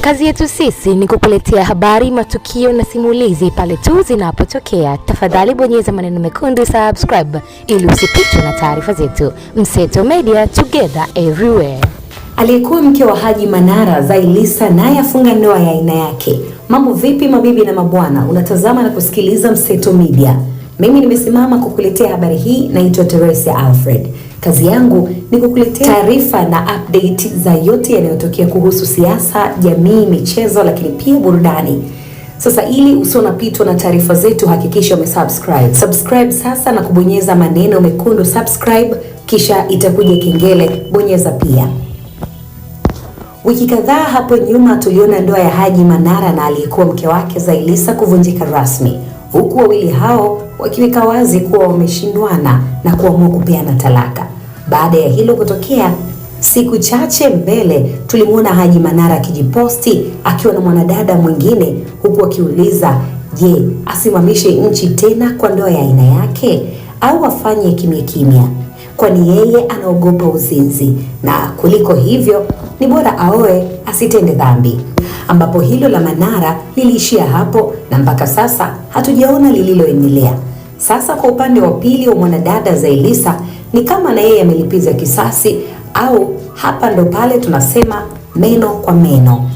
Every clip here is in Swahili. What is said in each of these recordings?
Kazi yetu sisi ni kukuletea habari, matukio na simulizi pale tu zinapotokea. Tafadhali bonyeza maneno mekundu subscribe ili usipitwe na taarifa zetu. Mseto Media, together everywhere. Aliyekuwa mke wa Haji Manara Zailisa naye afunga ndoa ya aina yake. Mambo vipi mabibi na mabwana, unatazama na kusikiliza Mseto Media. Mimi nimesimama kukuletea habari hii, naitwa Teresia Alfred. Kazi yangu ni kukuletea taarifa na update za yote yanayotokea kuhusu siasa, jamii, michezo, lakini pia burudani. Sasa ili usio napitwa na taarifa zetu, hakikisha umesubscribe. Subscribe sasa na kubonyeza maneno mekundu subscribe, kisha itakuja kengele, bonyeza pia. Wiki kadhaa hapo nyuma tuliona ndoa ya Haji Manara na aliyekuwa mke wake Zailisa kuvunjika rasmi, huku wawili hao wakiweka wazi kuwa wameshindwana na kuamua kupeana talaka. Baada ya hilo kutokea, siku chache mbele tulimwona Haji Manara akijiposti akiwa na mwanadada mwingine, huku akiuliza je, asimamishe nchi tena kwa ndoa ya aina yake au afanye kimya kimya? kwani yeye anaogopa uzinzi, na kuliko hivyo ni bora aoe asitende dhambi, ambapo hilo la Manara liliishia hapo na mpaka sasa hatujaona lililoendelea. Sasa kwa upande wa pili wa mwanadada Zailisa ni kama na yeye amelipiza kisasi, au hapa ndo pale tunasema meno kwa meno.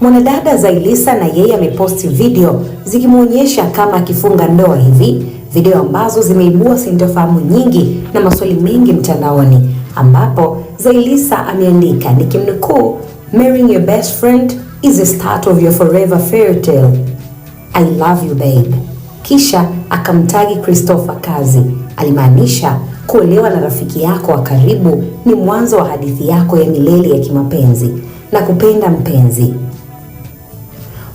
Mwanadada Zailisa na yeye ameposti video zikimwonyesha kama akifunga ndoa hivi video ambazo zimeibua sintofahamu nyingi na maswali mengi mtandaoni, ambapo Zailisa ameandika nikimnukuu, marrying your best friend is the start of your forever fairy tale. I love you babe. Kisha akamtagi Christopher Kazi, alimaanisha kuolewa na rafiki yako wa karibu ni mwanzo wa hadithi yako ya milele ya kimapenzi na kupenda mpenzi.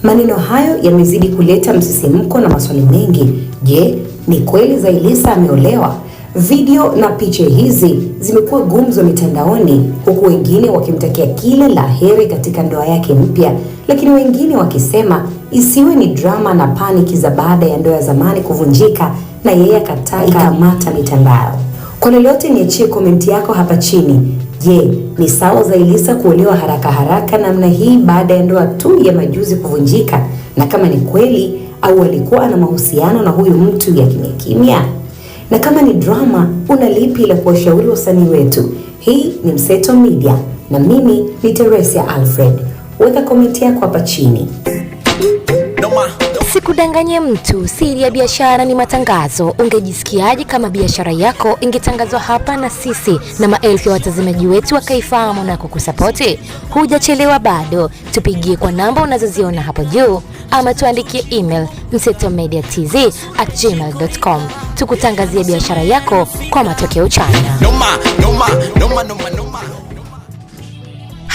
Maneno hayo yamezidi kuleta msisimko na maswali mengi. Je, ni kweli Zailisa ameolewa? Video na picha hizi zimekuwa gumzo mitandaoni, huku wengine wakimtakia kila la heri katika ndoa yake mpya, lakini wengine wakisema isiwe ni drama na paniki za baada ya ndoa ya zamani kuvunjika na yeye akataa ikamata mitandao. Kwa lolote, niachie komenti yako hapa chini. Je, ni sawa Zailisa kuolewa haraka haraka namna hii baada ya ndoa tu ya majuzi kuvunjika? Na kama ni kweli au alikuwa ana mahusiano na huyu mtu ya kimya kimya? Na kama ni drama, una lipi la kuwashauri wasanii wetu? Hii ni Mseto Media na mimi ni Teresia Alfred. Weka komenti yako hapa chini. Usikudanganye mtu, siri ya biashara ni matangazo. Ungejisikiaje kama biashara yako ingetangazwa hapa na sisi na maelfu ya watazamaji wetu wakaifahamu na kukusapoti? Hujachelewa bado, tupigie kwa namba unazoziona hapo juu ama tuandikie email msetomediatz@gmail.com tukutangazie biashara yako kwa matokeo chanya. Noma, noma, noma, noma, noma.